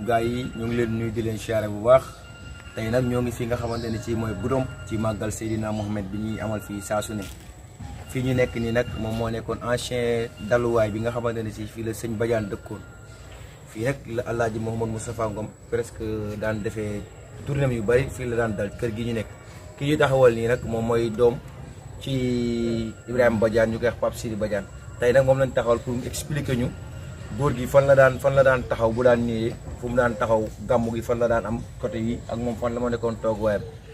gaay yi ñu ngi leen nuyu di leen siyaare bu baax tey nag ñoo ngi fi nga xamante ne ci mooy Goudomp ci màggal Seydina Mohamed bi ñuy amal fii saa su ne fii ñu nekk nii nag moom moo nekkoon ancien daluwaay bi nga xamante ne ci fii la sëñ Badiane dëkkoon fii nag la Alaaji Mouhamad Moustapha Ngom presque daan defee tournée yu bari fii la daan dal kër gi ñu nekk ki ñu taxawal nii nag moom mooy doom ci Ibrahima Badiane ñu koy wax Pape Sidi Badiane tey nag moom góor gi fan la daan fan la daan taxaw bu daan ñëwee fu mu daan taxaw gàmmu gi fan la daan am côté yi ak moom fan la ma nekkoon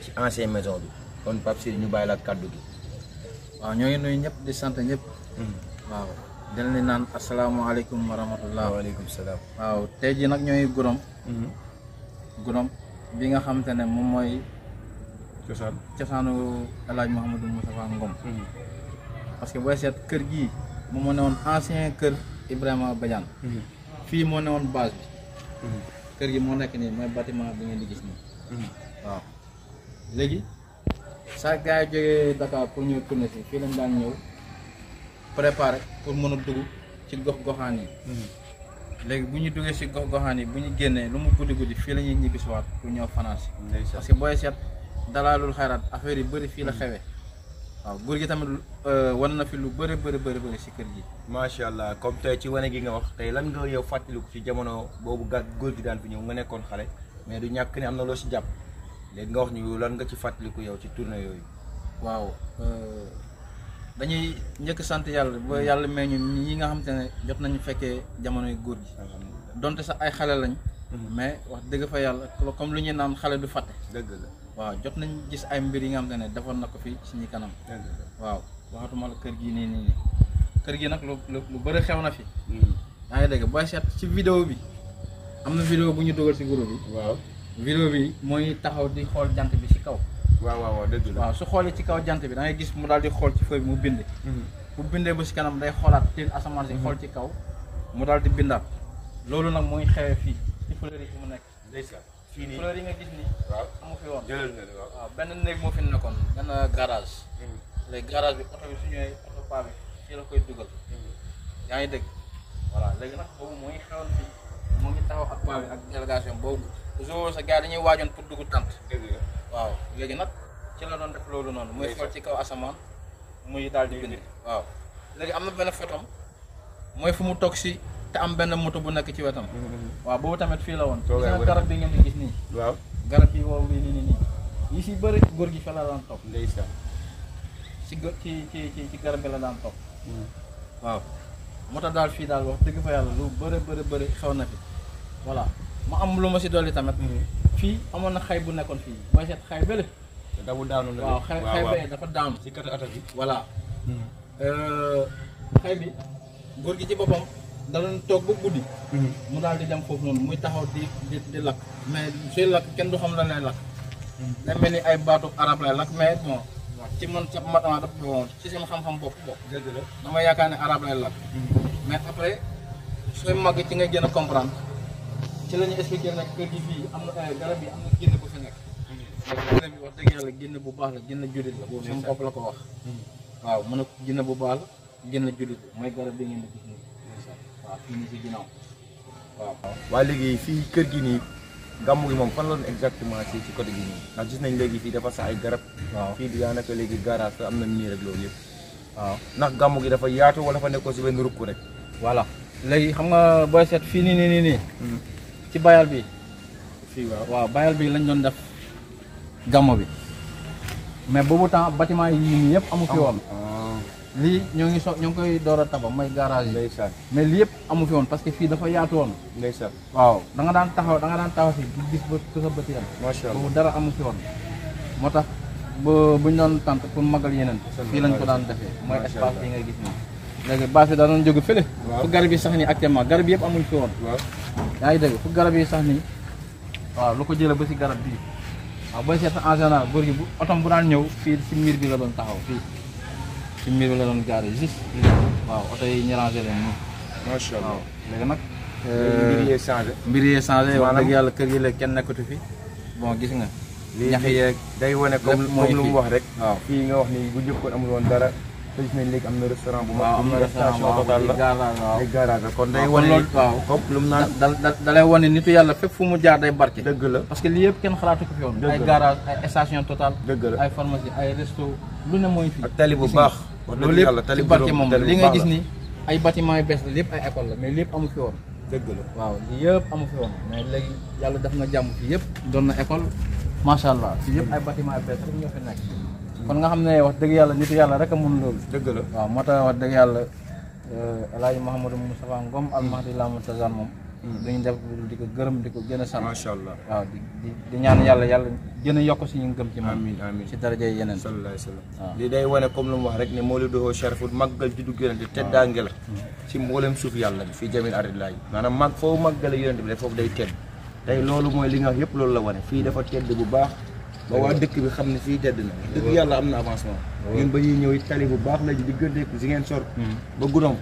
ci ancien maison bi kon Pape Sidi ñu gi. waaw di sant ñëpp. Hmm. waaw di leen naan asalaamaaleykum wa rahmatullah. waaleykum salaam. waaw tey jii nag ñooy Gorom. Hmm. Gorom bi nga xamante ne moom mooy. cosaan cosaanu El Hadj Mouhamadou Ngom. Hmm. parce que booy seet kër gii moom moo ne ancien kër. Ibrahima Bayan mhm. film moo ne woon base bi mhm. kër gi moo nekk nii mooy bâtiment bi ngeen di gis nii mhm. waaw léegi saa gars yi Dakar pour ñëw tourner si fii lañ daan ñëw préparer pour mën a dugg ci gox goxaan si gox goxaan yi bu lu mu guddi guddi fii la ñuy pour ñëw fanaan parce que booy seet affaire yi la waaw góor gi tamit euh, wan na fi lu bëri bëri bëri bëri si kër gi. macha allah comme tey ci wane gi nga wax tey lan nga yow fàttaliku ci jamono boobu ga góor gi daan fi ñëw nga nekkoon xale mais du ñàkk ne am na loo si jàpp léegi nga wax ñu lan nga ci fàttaliku yow ci tournée yooyu. waaw euh, dañuy njëkk sant yàlla ba yàlla may ñu ñi nga xam te jot nañu fekkee jamonoy góor gi. donte sax ay xale lañ. Mhm. mais wax dëgg fa yàlla comme lu ñuy naan xale du fàtte. dëgg la waaw jot nañ gis ay mbir yi nga xam ne defoon na ko fi suñu kanam waaw waxatuma la kër gi nii nii kër gi nag lu lu bëri xew na fi hmm. yaa ngi dégg booy seet ci vidéo bi am na vidéo bu ñu dugal si groupe bi waaw vidéo bi mooy taxaw di xool jant bi si kaw waaw waaw dëgg la waaw su xoolee ci kaw jant bi da ngay gis mu daal di xool ci fooy bi mu bind hmm. bu bindee ba si kanam day xoolaat teen asamaan si hmm. xool ci kaw mu daal di bindaat loolu nag mooy xewee fii ci fleur yi mu nekk fii nii fleur yi nga gis nii. waaw amu woon jëlal nga waaw. waaw benn néeg moo fi nekkoon benn garage. Hmm. léegi garage bi oto bi su ñëwee oto paa bi fii la koy dugal. Hmm. yaa ngi dégg léegi nag boobu mooy ngi xewoon moo ngi taxaw ak paa bi ak délégation boobu. toujours sa gars dañuy waajoon pour dugg tant. waaw léegi nag ci la doon def loolu noonu. mooy xool ci kaw asamaan. muy daal di bind. waaw léegi am na benn fotom mooy fu mu toog si. te am benn moto bu nekk ci wetam. Mm-hmm, mm-hmm. waaw boobu tamit fii la woon. gis nga garab bi ngeen di gis nii. waaw garab bi wow bii nii nii nii yi si bëri góor gi fa la daan topp. ndeysaan. si gë ci ci ci garab bi la daan topp. Mm-hmm. waaw moo tax daal fii daal wax dëgg fa yàlla lu bëri bëri bëri xew na fi voilà ma am lu ma si dolli tamit. fii amoon na xay bu nekkoon fii mooy seet xay bële. daanu la waaw xay xay bële dafa daanu. si ata bi voilà. Euh, xay bi góor gi ci boppam. danañ toog ba guddi. Mhm. mu daal di dem foofu noonu muy taxaw di di di lakk mais suy lakk kenn du xam lan lay lakk. Mhm. day mel ni ay baatu arab lay lakk mais ci man sa matama daf bon ci seen xam-xam bopp yaakaar ne arab lay lakk. Mhm. mais après sooy màgg ci ngay gën a ci la ñu expliqué nag kër gi fii am na eh, garab yi am na génn bu fi nekk. génn bi wax dëgg yàlla la génn jullit la. boobu la ko waaw mu ne génn bu baax la génn jullit mooy garab bi ngeen di gis waaye gi fi kër gi ni gamu gi mom fan la exactement ci ci côté gi ni ndax gis nañ léegi fi dafa sax ay garab fi di daanaka léegi garage fa am na nii rek loolu yëpp waaw nak gamu gi dafa yaatu wala fa nekkoon si benn rukk rek voilà léegi xam nga boy set fi ni ni ni nii ci bayal bi fi waaw waaw bayal bi lañ doon def gamu bi mais bobu temps bâtiment yi nii yëpp amu fi woon li ñoo ngi so ñoo ngi koy door a tabax mooy garage yi mais lii yëpp amu fi woon parce que fii dafa yaatu woon ndeysaan waaw da nga daan taxaw da nga daan taxaw si du gis ba ku sa bëti yam macha allah boobu dara amu fi woon moo tax ba bu ñu doon tant pour magal yeneen fii lañ ko daan defee mooy espace bi ngay gis nii léegi bâche bi daa doon jóge fële fu garab yi sax nii actuellement garab yëpp amuñ fi woon yaa ngi dégg fu garab yi sax nii waaw lu ko jëlee ba si garab bii waaw booy seet en général góor gi bu otom bu daan ñëw fii si miir bi la doon taxaw fii ci miir bi la doon gaare juste. waaw oto yi ñu rangé leen nii. macha allah waaw léegi nag. Euh, mbir yee changé. mbir yee changé wax dëgg yàlla kër yi la kenn nekkatu fi. bon gis nga. ñax yeeg day wane comme lu mu wax rek. waaw fii nga wax nii bu njëkkoon amul woon dara. te na restaurant bu mag. am na restaurant waaw ay garage la kon day wane waaw lu mu naan da da lay wane nitu yàlla fépp fu mu jaar day barke. la parce que lii yëpp kenn xalaatu ko fi woon. ay garage ay station Total. ay pharmacie ay resto lu ne mooy fii. ak tali bu baax. loolu lépp ci barke moom li nga gis ni ay bâtiment yu bees la lépp ay école la mais lépp amu fi woon dëgg la waaw lii amu fi woon mais léegi yàlla def na jàmm fii yëpp doon na école macha allah fii yëpp ay bâtiment yu bees rek ñoo fi nekk kon nga xam ne wax dëgg yàlla nitu yàlla rek a mun loolu dëgg la waaw moo tax wax dëgg yàlla euh, El Hadj Mouhamadou Moustapha Ngom almahdi lamatazan moom dañu def di ko gërëm di ko gën a sant macha allah waaw di ñaan yàlla yàlla gën a yokk suñu ngëm ci moom amin si daraja yeneen sallallahu alayhi wasallam waaw li day wane comme lu mu wax rek ne mawlidu shariful màggal juddu yonent teddaange la mm. ci mboolem suuf yàlla bi fii jamil arillahi maanaam mag foo màggale yonent bi foofu day tedd tey loolu mooy li nga wax loolu la wane fii dafa tedd bu baax ba waa dëkk bi xam ne fii tedd na dëkk yàlla am na avancement oh. ñun ba ñuy ñëw tali bu baax la ji di gëndeek si ngeen sor mm. ba guddoom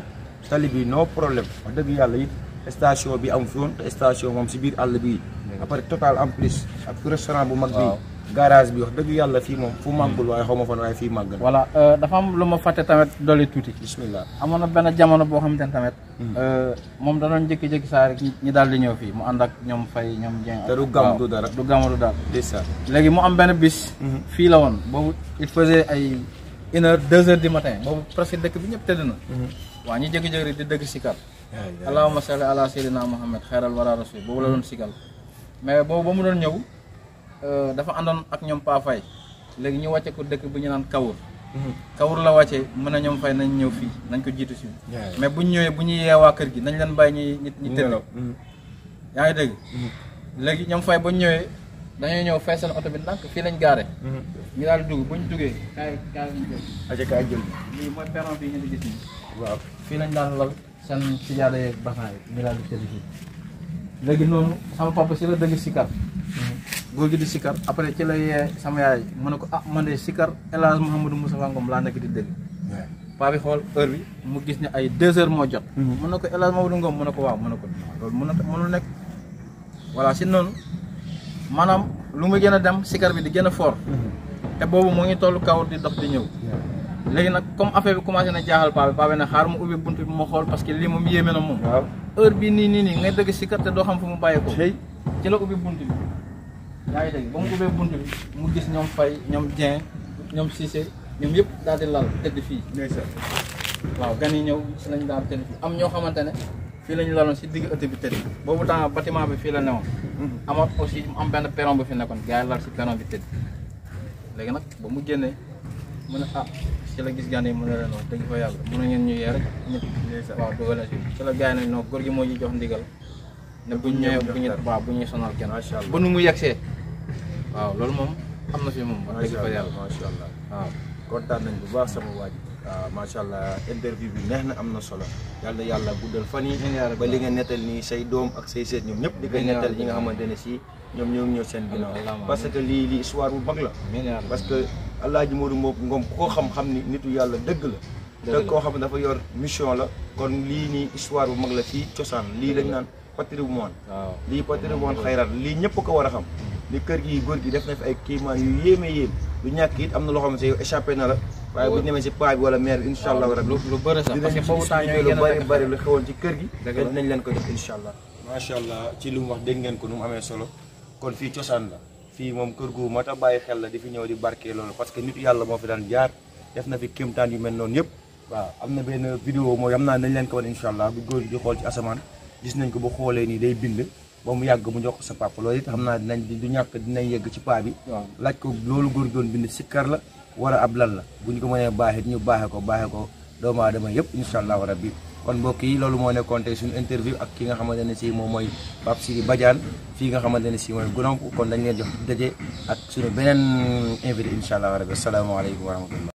tali bi no problème wax dëgg yàlla it station bi am foon te station moom si biir àll bi après total en plus ak restaurant bu mag bi garage bi wax dëgg yàlla fii moom fu màggul waaye xaw ma fan waaye fii màgg na voilà euh, dafa am lu ma fàtte tamit dolli tuuti bismillah amoon na benn jamono boo xam xamante ne tamit hmm. euh, moom da doon jékki saa rek ñi daal di ñëw fii mu ànd ak ñoom fay ñoom jeng te du gàmm du dara du gàmm du dara c'est léegi mu am benn bis hmm. fii la woon boobu il faisait ay une heure deux heures du matin boobu dëkk bi ñëpp wani jegi jegi di deug sikal ya, ya, ya. allahumma salli ala sayyidina muhammad khairal wara rasul bobu la don sikal mais bobu bamu don ñew euh dafa andon ak ñom pa fay legi ñu wacce ko dekk bu ñu nan kawur mhm. kawur la wacce mëna ñom fay nañ ñew fi nañ ko jitu ci mais bu ñëwé bu ñu yewa kër gi nañ leen bay ñi ñi tëdd yaay deug legi ñom fay mhm. bu ñëwé dañuy ñëw fessel auto bi nak fi lañ garé ñu dal dugg buñ duggé kay kay jël aja kay jël li moy perron bi ñu gis ni waaw fii lañ daan lal seen si jaada yeeg basan yi ñu daal di tëdd léegi noonu sama papa si la dëgg sikar góor gi di sikar après ci la yee sama yaay mu ne ko ah man de sikar El Hadj Mouhamadou Moustapha Ngom laa nekk di dëgg paa bi xool heure bi mu gis ne ay deux heures moo jot mhm. mun na ko El Hadj Mouhamadou Ngom mu ne ko waaw mu ne ko loolu mun na mënul nekk voilà si noonu maanaam lu mu gën a dem sikar bi di gën a fort mhm. te boobu moo ngi toll kaw di dox di ñëw léegi nag comme affaire bi commencé na jaaxal paa bi paa bi nag xaar mu ubbi bunt bi ma xool parce que lii moom yéeme na moom. heure bii nii nii nii ngay dëgg si te doo xam fu mu bàyyi ko. ci la ubbi bunt bi. yaa ngi dégg ba mu ubbee bunt bi mu gis ñoom fay ñoom Dieng ñoom si Cissé ñoom yëpp daal di lal tëdd fii. waaw gan yi ñëw si lañ daal tëdd fii am ñoo xamante ne fii la ñu laloon si digg ëtt bi tëdd. boobu temps bâtiment bi fii la ne mhm. amaat aussi mu am benn perron bu fi nekkoon gars yi lal si bi tëdd léegi nag ba mu génnee mu ne ah, ci la gis gànnaay mu ne la noonu dëgg fa yàlla mën na ngeen ñu yee rek ñëpp waaw dugal si ci la gars noonu góor gi jox ndigal ne bu ñu ñëwee bu ñu waaw bu ñuy sonal kenn macha allah ba nu mu moom am na fi moom dëgg fa yàlla macha allah kontaan nañ bu baax sama waa ji waaw macha allah interview bi neex na am na solo yàlla yàlla guddal fan yi ba li nga nettal nii say doom ak say seet ñoom ñëpp di koy nettal ñi nga xamante ne si ñoom ñoo ngi ñëw seen ginnaaw parce que lii histoire bu mag la parce que Alaaji Modou Mbow Ngom koo xam-xam ni nitu yàlla dëgg la te koo xam ne dafa yor mission la kon lii nii histoire bu mag la fii cosaan lii lañ naan patrimoine lii patrimoine xayraat lii ñëpp ko war a xam ni kër gi góor gi def na fi ay kiimaan yu yéeme yéem lu ñàkk it am na loo xam yow échappé na la waaye bu ñu si paa bi wala maire bi incha allah rabbi lu bëri sax parce que foofu temps yooyu lu bëri bëri xewoon ci kër gi dinañ leen ko def incha allah macha allah ci li mu wax dégg ngeen ko nu amee solo kon fii cosaan fii moom kër gu moo tax bàyyi xel la di fi ñëw di barkee loolu parce que nit yàlla moo fi daan jaar def na fi kéemtaan yu mel noonu yëpp waaw am na benn vidéo mooy am naa nañ leen ko wan incha allah bu góor di xool ci asamaan gis nañ ko bu xoolee nii day bind ba mu yàgg mu jox ko sa papa loolu it xam naa dinañ du ñàkk dinañ yegg ci paa bi laaj ko loolu góor doon bind sikkar la war a ab lan la bu ñu ko mënee baaxee ñu baaxee ko baaxee ko doomu aadama yëpp incha allahu rabbi kon mbokk yi loolu moo nekkoon tey suñu interview ak ki nga xamante ne si moom mooy Pape Sidi Badiane fii nga xamante ne si mooy Goudomp kon dañ leen jox daje ak suñu beneen invité incha allahu rabbi asalaamaaleykum wa rahmatullah